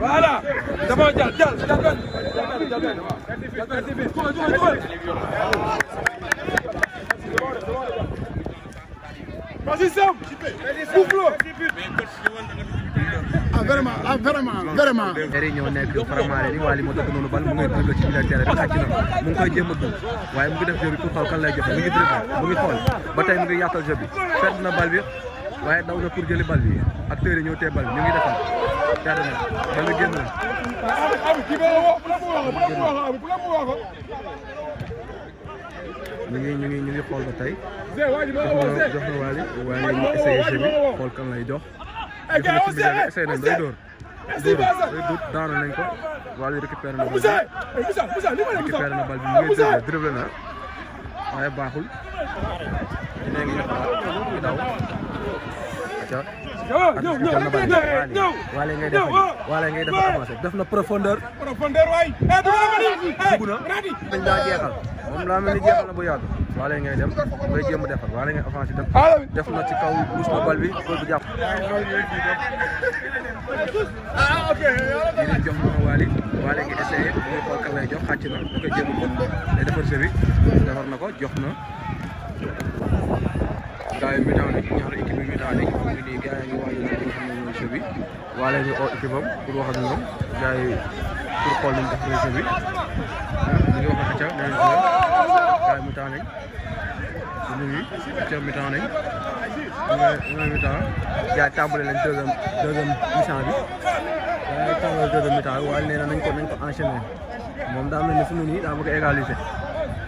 voilà dama jàll jàll jàll benn jàll benn vas-y Sam coupe-le ah vraiment ah vraiment vraiment. Nderi ñoo nekk vraiment ni waa li moo tax noonu bal mu ngi dribble ci milieu terrain bi xàcc na mu ngi koy jéem a dugg waaye mu ngi def jeu bi pour xool kan lay joxe mu ngi dribble mu ngi xool ba tey mu ngi yàqal jeu bi perte na bal bi waaye daw na pour jëli bal bi acteurs yi ñoo tee bal bi ñu ngi defar. carrément man la mu ngi ñu ngi ñu ngi xool ba tey jox na Wally Wally ñu essayé jeu bi xool na ci milieu bi daanu nañ ko Wally récupéré na bal bi récupéré na na waaye baaxul. dinañ ngi daw. ak ñëw ñëw ñëw waale ngay def waale ngay def avancé def na profondeur. profondeur waay. Eh, dugg na eh, dañ daa jeexal moom laa mel ni jeexal na bu yàgg. waale ngay dem ngay jéem a defar waale ngay avancé def ah, def na ci kaw bus na bal bi góor bu jàpp. ah ok. lii jox na waale waale ngay essayé mu ngi xool kan lay jox xàcc na da koy jéem a ko day defar sébi defar na ko jox na. gars yi mi taw na ñaari état nekk fi mu nii gars yi ñu waajal li nga xam ne mooy jeu bi waa lay ñu oo équipe am pour wax ak ñoom gars yi pour xool nañ def jeu bi ñu ngi wax ak Atia nee nañ ko gars yi mu taa nañ ñu ngi Atia mi taa nañ mu ngi mi taa gars yi tàmbale nañ deuxième deuxième mi-temps bi gars yi tàmbale deuxième mi-temps bi waaye nee na nañ ko nañ ko enchaîner moom daa mel ni fi mu nii daa bëgg égaliser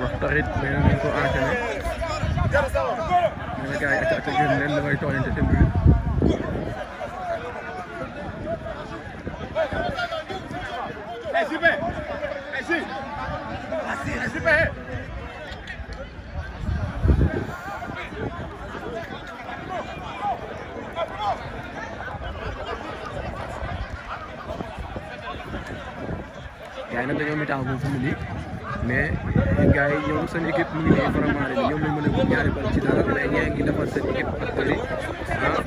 wax taxit nee na nañ ko enchaîner. na gars yi acca génn leen damay tooñante seen biir yaa ngi nag dañoo météo moom fi mu nii mais gars yi ñoom seen équipe mu ngi nii vraiment rek ñoom ñu mën a ñaari bal ci dara mais ñee ngi defal seen équipe actuelle ah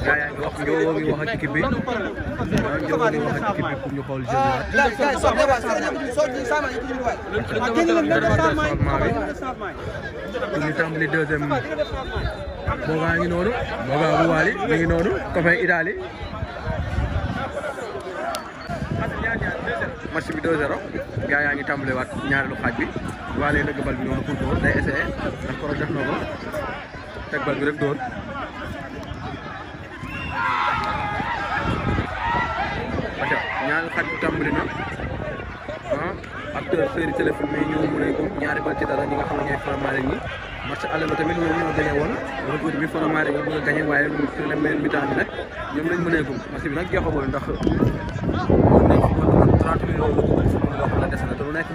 gars yaa ngi wax Ndiobo ngi wax ak équipe bi ah Ndiobo ngi wax ak équipe bi pour ñu xool jeu bi waat. Ah, pour ñu tàmbali deuxième Boga ngi noonu Boga bu Waly mi ngi noonu copain Idali match bi 2-0 yaa ngi tàmbaliwaat ñaareelu xaaj bi waalee dëgg bal bi noonu pour dóor day e ndax koro def na ko teg bal bi rek dóor aca ñaareelu xaaj bi tàmbali na ah acteur seeri téléphone bi ñoo mu ko ñaari bal ci dara ñi nga xam ne ñooy faramaare ñi match aller ba tamit ñoom ñoo gañe woon bi faramaare ñi a gañe bi temps bi nag ñoom lañ mëneegum match ndax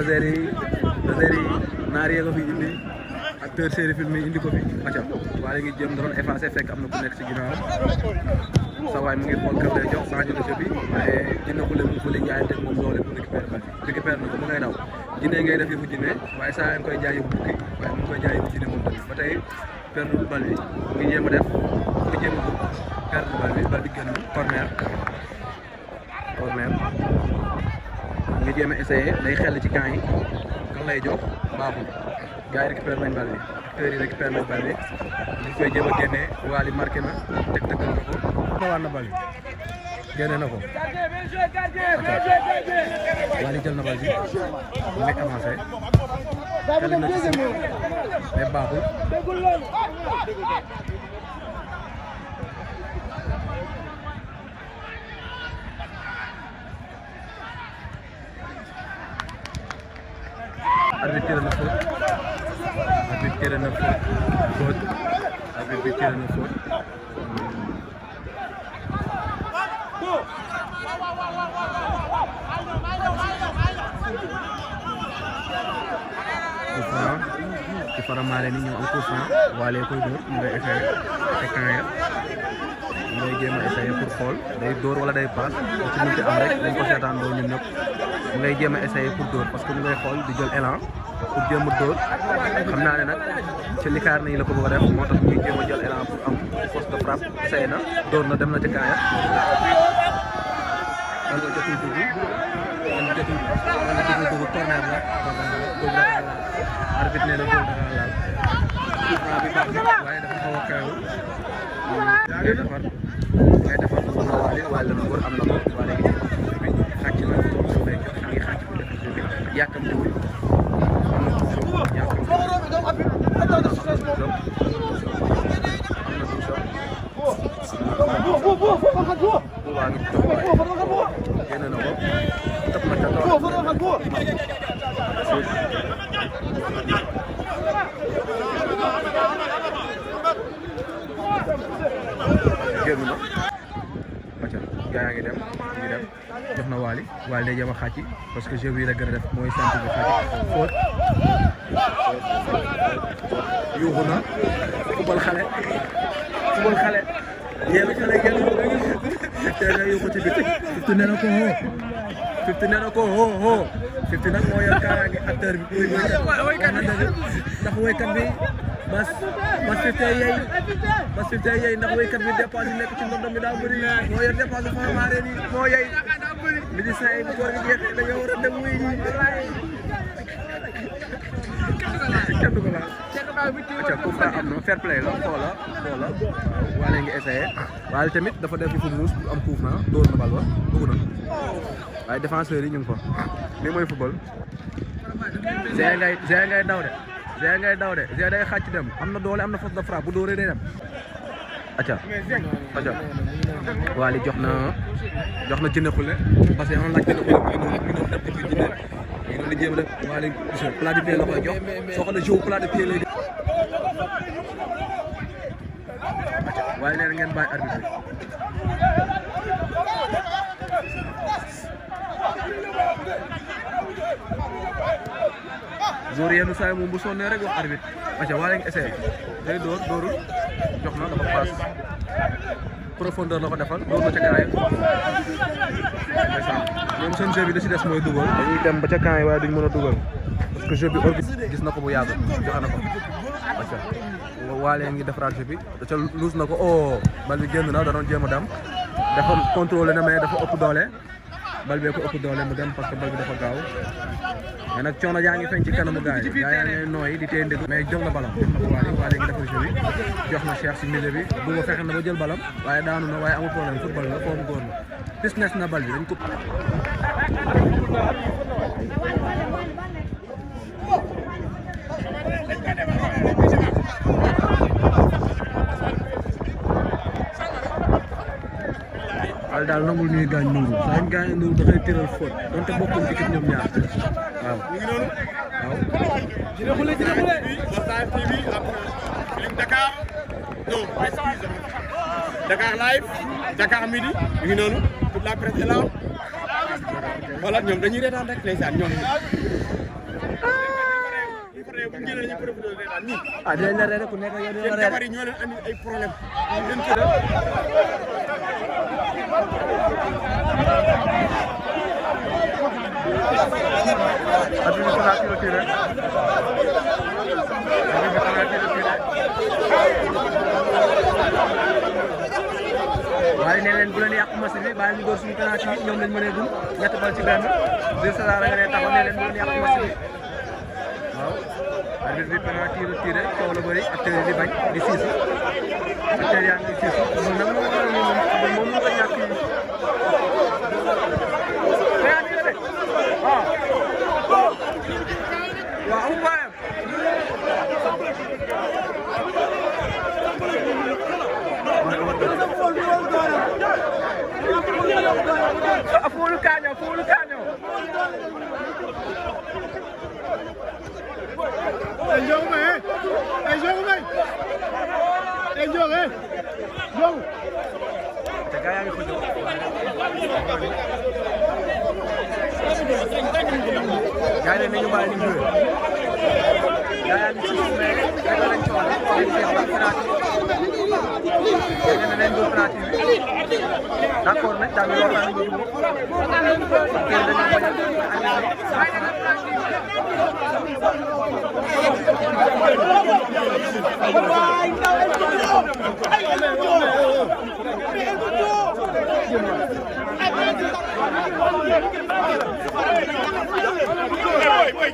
laser yi laser yi naar yee ko fi indi acteur série film yi indi ko fi macha allah waaye ngi jëm doon effacé fekk am na ku nekk ci ginnaaw sa waay mu ngi xool kër lay jox saa ñu ko bi waaye dina ko leen fële jaayante moom doole mu récupère ba récupère na ko mu ngay daw jinne ngay def yëfu jinne waaye saa ngi koy jaay yëfu bukki waaye mu ngi koy jaay yëfu jinne moom tamit ba tey perdul bal bi ngi jéem a def mu jéem a perdul bal bi bal bi génn corner corner nga jéem a essayé day xel ci camp yi kan lay jox baaxul gars yi récupéré nañ bal bi acteurs yi récupéré nañ bal bi ñu koy jéem a génnee Waly marqué na teg teg na ko. xawaat na bal bi génne na ko Waly jël na bal bi mu ngi avancé xel na ci mais baaxul. arbitre tiré na faute arbitre tiré na faute faute arbitre bi tiré na faute waaw ci Faramareen ni ñëw am pour cent koy dóor mu ngay essayé écran ya mu ngay jéem a pour xool day dóor wala day paas ba ci mënti am rek dañ ko seetaan doo ñun ñëpp mu ngay jéem a pour dóor parce que mu ngay xool di jël élan pour jéem a dóor xam naa ne nag ci likaar nañu la ko bëgg a moo tax muy jéem a jël pour am force de frappe na dóor na dem na ci kaaya arbitre nee na boobu da ngaa laal courant bi baax na waaye dafa xaw a kaayoo ngay defar ngay defar mën na waale waaye la mu war am na ko waaye léegi xàcc na mu nekk xàcc bu nekk yàkkam baal day jëm a xàcc parce que jeu bi la gën a def mooy sant bi xàcc foot yuuxu na football xale football xale yéen xale yéen te nga yuuxu ci biti Fifty nee na ko hoo Fifty nee na ko hoo hoo Fifty nag moo yor kaaraange acteur bi ndax woykat bi bas bas Fifty yey bas Fifty yey ndax woykat bi dépense nekk ci ndondom bi daa bëri moo yor dépense formaare ni moo yey ministère yi bu koor gi jeexee dañoo war a la xoola xoola ngi essayé waaye tamit dafa def fu muus am kuuf na dóor na yi ñu ngi fa lii daw de Zé ngay daw de Zé dem am na doole am na force de frappe bu dóoree day dem acca acca Wally jox na jox na parce que on laaj Diéna Khoulé muy noonu ak mi noonu def di koy jëndee léegi noonu la jéem rek Wally plat de pied la koy jox soo xoolee ngeen bàyyi arbitre jour yenn saa moom bu sonnee rek wax arbitre acca Wally ngi essayé day door doorul jox na dafa paas profondeur la ko defal loolu la ca kaay ñoom bi da si des mooy dugal dañuy dem ba ca kaay waaye duñ mën a dugal parce que bi orbite gis na ko bu yàgg joxe na ko waaw waalee ngi defaraat jeu bi da ca luus na ko oh bal bi génn na da doon jéem a dem dafa contrôlé na mais dafa ëpp doole bal bee ko ëpp doole mu dem parce que bal bi dafa gaaw mais nag coono yaa ngi feeñ ci kanamu gars yi gaa yaa ngi nooyi di téye ndëgg mais jox na balam jox na ko Waly bi bu nga na ba jël balam waaye daanu na waaye amul problème football la foofu góor na pis na bal bi dañ ko Fall daal nangul ñuy gaañ Nourou saa ñu gaañee Nourou dafay tëral fóot donte bokkul ci ñoom ñaar waaw. waaw. jërëjëf Khoule jërëjëf Khoule. Dakar. non Dakar live Dakar midi ñu ngi noonu toute la presse est là voilà ñoom dañuy reetaan rek ndeysaan ñoom. ah dinañ la reer rek ku nekk yow dina reer. ñoo leen andi ay problème waaye nee leen bu leen yàq match bi bàyyi ñu door suñu penalty yi ñoom lañ mënee dum ñett bal ci benn biir César nga ne taxaw nee leen bu leen yàq match bi waaw arbitre bi penalty retiré coow la bëri acteur yi di bañ di siisu acteur yaa ngi siisu kaño fuul kaño e jogu me e jogu me e jog e jog te ga yaa ngi ko jog gaa yi nañu bàyyi ñu joué gaa yaa ngi ci mais rek dañu génn nañ ba Fra TV d' accord nañ daal di waxtaan bu dugub kenn dañu bañ a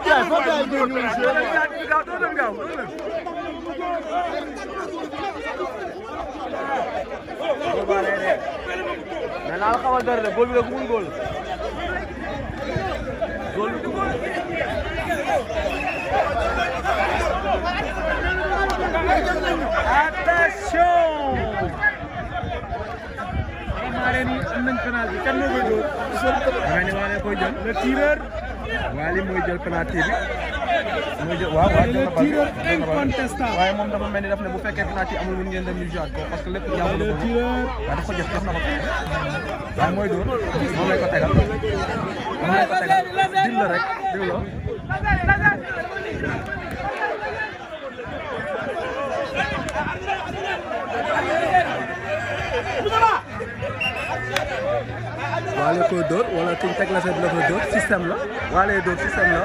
Gel, gel, gel. mais naa la xamal dara de góol bi rek mun góol góol bi attention xamaa ni am nañ penalty bi kan moo koy dóor xamaa ni waa ne koy jël le tireur Wally mooy jël penalty bi waaw waaw jël na bal bi waaye moom dafa mel ni daf ne bu fekkee penalty amul mën ngeen dem ñu jouer ko parce que lépp jàpp na ko waaye daf ko jox jox na ko waaye mooy dóor moom lañ ko tegal moom lañ ko tegal dim la rek dim la Vamos lá! waale koy dóor wala kuñ teg la seet la koy dóor système la waalee dóor système la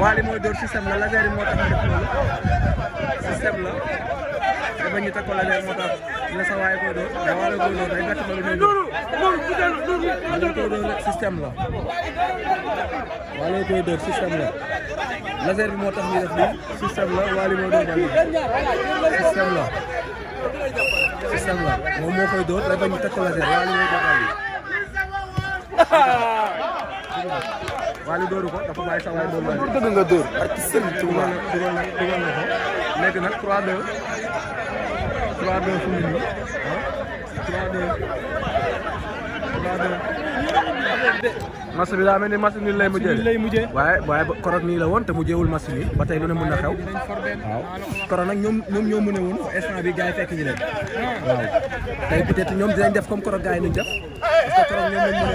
waali mooy dóor système la laser yi moo tax def loolu système la te ba ñu teg ko laser moo tax la sa waaye koy dóor mais waale koy dóor day gàtt ba lu muy dóor waale koy dóor système la waale koy dóor système la laser bi moo tax ñu def lii système la waali mooy dóor ba système la Sanglar moom moo koy dóor day bañ a tëkkalateer waaye li ko bàyyi. waaye li dóoru ko dafa bàyyi Sanglar moom la. dëgg nga dóor ak Serigne Touba dugal na dugal na ko léegi nag 3-2 3-2 fu mu nii ah 3-2 3-2. match bi daa mel ni match bi lay mujjee waaye waaye korog nii la woon te mujjeewul match bi ba tey lu ne mën na xew waaw nag ñoom ñoom ñoo mën a bi gars yi fekk ñu leen ñoom dinañ def comme korog gars yi nañ def parce que ñoom lañ mën a a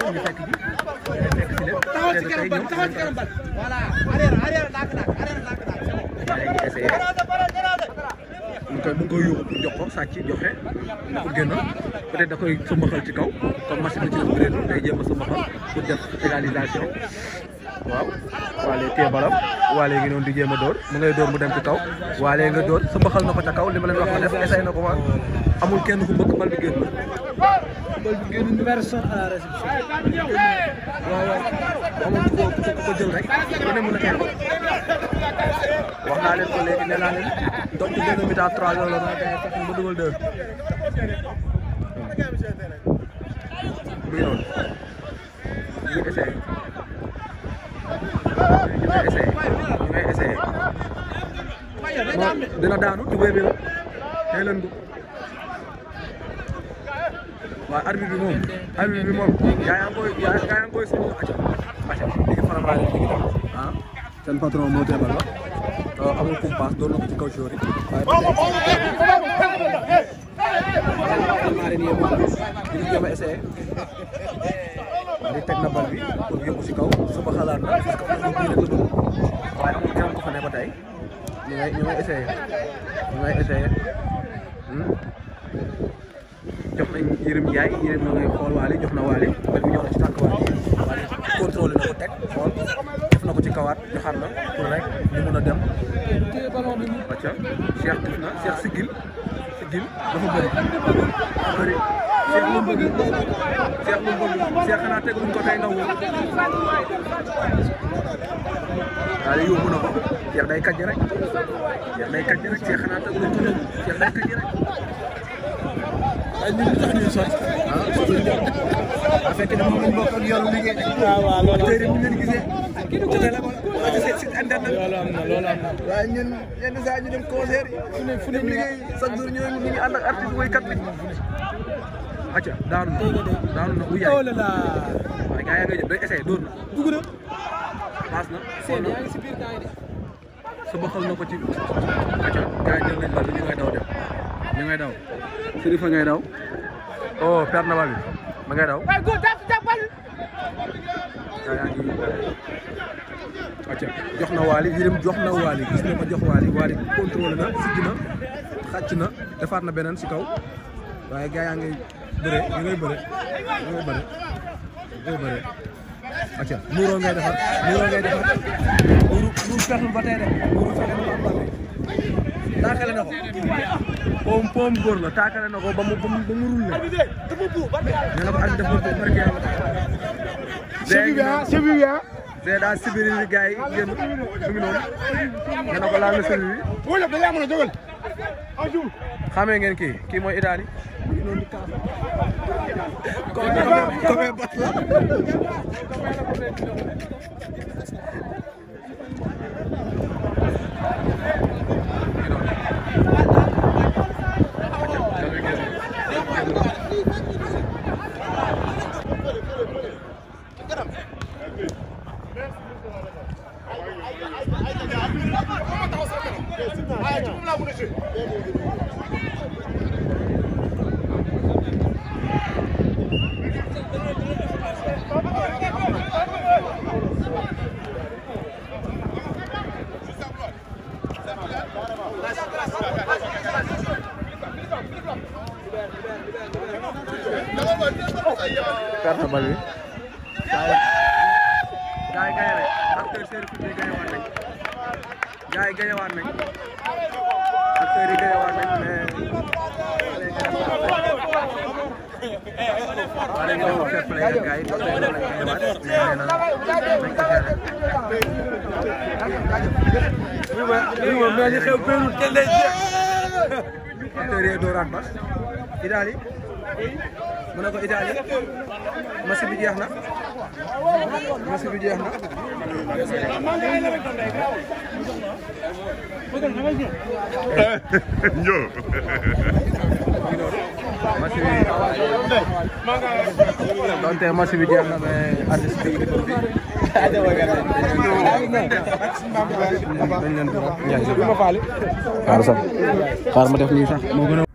woon ñu fekk ji fekk si leen taxaw ngi koy mu ngi koy yuuxu pour jox ko sàcc joxe da ko génn peut-être da koy sëmbaxal ci kaw comme machine bi ci la bëreetul day a sëmbaxal pour def égalisation waaw waalee tee balam waalee ngi noonu di jéem a dóor mu ngay dóor mu dem ci kaw waalee nga dóor sëmbaxal na ko ca kaw li ma leen wax ma def essayé ko wa amul kenn ku bëgg bal bi génn bal bi génn personne jël rek ku ne mën a teel wax naa leen ko léegi nee naa leen donc deuxième mi-temps 3 heures la ma gars yi dugal 2. bii noonu ñu ngi essayé ñu ngi daanu tubéy bi la day lëndu waaw bi moom arbitre bi moom yaa ngi koy yaa ngi koy suñu acca acca seen patron moo teebal la amul compass doon na ko ci kaw joori waaye ni a essayé e. e. hm? na bal bi pour kaw suba xalaat na parce que ñu ngi waaye amul kenn ko fa ngay ñu ngay essayé ñu ngay essayé jox nañ Yérim ngay xool waale jox na waale bal bi na waale waale na ko kawaat joxaat la pour rek ñu mën a dem. acca Cheikh def na Cheikh Sigil Sigil dafa bëri bëri Cheikh moom bëgg Cheikh moom bëgg Cheikh xanaa teguñ ko tey ndaw moom. ko Cheikh day kàjj rek Cheikh day kàjj rek Cheikh xanaa rek. waaye ñun tax ñuy sotti ah sotti a ah, bokk ak yoonu liggéey. waaw waaw loolu gisee. loolu am na loolu am na. waaye ñun yenn saa ñu dem concert yi. fu ne fu ne liggéey chaque jour ñu ngi ànd ak artiste woykat bi. acca daanu na daanu na wuyaay. waaye gars yaa ngi jëm day na. seen yaa si biir temps na ko ci. acca gars yi jël nañ ñu ngay daw ñu ngay daw. Serifa ngay daw. oh perte bi ma ngay daw. gaa yaa ngi acca jox na waali Yérim jox na waali gis na ko jox waali waali contrôlé na sigg na xàcc na defaat na beneen si kaw waaye gaa yaa ngi bëre ñu ngay bëre ñu ngay bëre ñu ngay bëre acca muuroo ngay defar muuroo ngay defar muuru muuru fexul ba tey de muuru fexul ba am bàmmee taakale na ko poom poom góor la taakale na ko ba mu ba mu rul ne nee na ko ak def ko barke yàlla chef bi ah chef bi ah. mais daal sibiri bi gars yi yéen mu ngi noonu. nga ne ko laal na sibiri bi. wóor na da ngaa mën a jógal. xamee ngeen kii kii mooy Italie. comme comme bat la. perte bal bi. gars yi gagné nañ acteur seen kub yi gagné waat nañ gars yi gagné waat nañ acteur yi gagné waat nañ mais. waa léegi dafa fair play gars yi acteur yi gagné waat nañ ko géré. oui mais li xew benn télé. acteur yi dooraat bas Idaly mu ne ko Idaaly match bi jeex na match bi jeex na. Ndiol. match bi donte match bi jeex na mais artiste bi dañ leen di wax xaar sax xaar ma def nii sax moo gën a